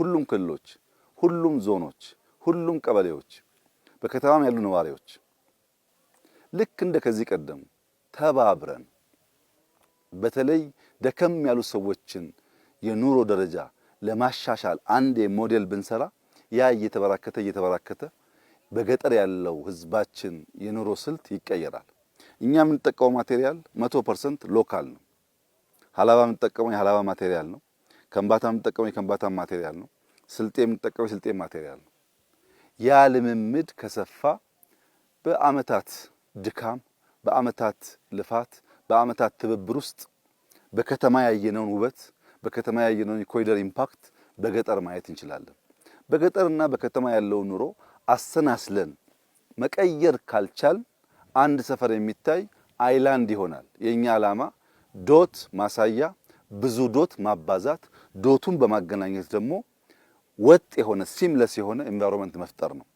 ሁሉም ክልሎች፣ ሁሉም ዞኖች፣ ሁሉም ቀበሌዎች፣ በከተማም ያሉ ነዋሪዎች ልክ እንደ ከዚህ ቀደም ተባብረን በተለይ ደከም ያሉ ሰዎችን የኑሮ ደረጃ ለማሻሻል አንድ ሞዴል ብንሰራ ያ እየተበራከተ እየተበራከተ በገጠር ያለው ህዝባችን የኑሮ ስልት ይቀየራል። እኛ የምንጠቀመው ማቴሪያል መቶ ፐርሰንት ሎካል ነው። ሀላባ የምንጠቀመው የሀላባ ማቴሪያል ነው። ከምባታ የምንጠቀመው የከምባታ ማቴሪያል ነው። ስልጤ የምንጠቀመው የስልጤ ማቴሪያል ነው። ያ ልምምድ ከሰፋ በአመታት ድካም፣ በአመታት ልፋት፣ በአመታት ትብብር ውስጥ በከተማ ያየነውን ውበት፣ በከተማ ያየነውን የኮሪደር ኢምፓክት በገጠር ማየት እንችላለን። በገጠርና በከተማ ያለውን ኑሮ አሰናስለን መቀየር ካልቻል አንድ ሰፈር የሚታይ አይላንድ ይሆናል። የኛ ዓላማ ዶት ማሳያ ብዙ ዶት ማባዛት፣ ዶቱን በማገናኘት ደግሞ ወጥ የሆነ ሲምለስ የሆነ ኢንቫይሮንመንት መፍጠር ነው።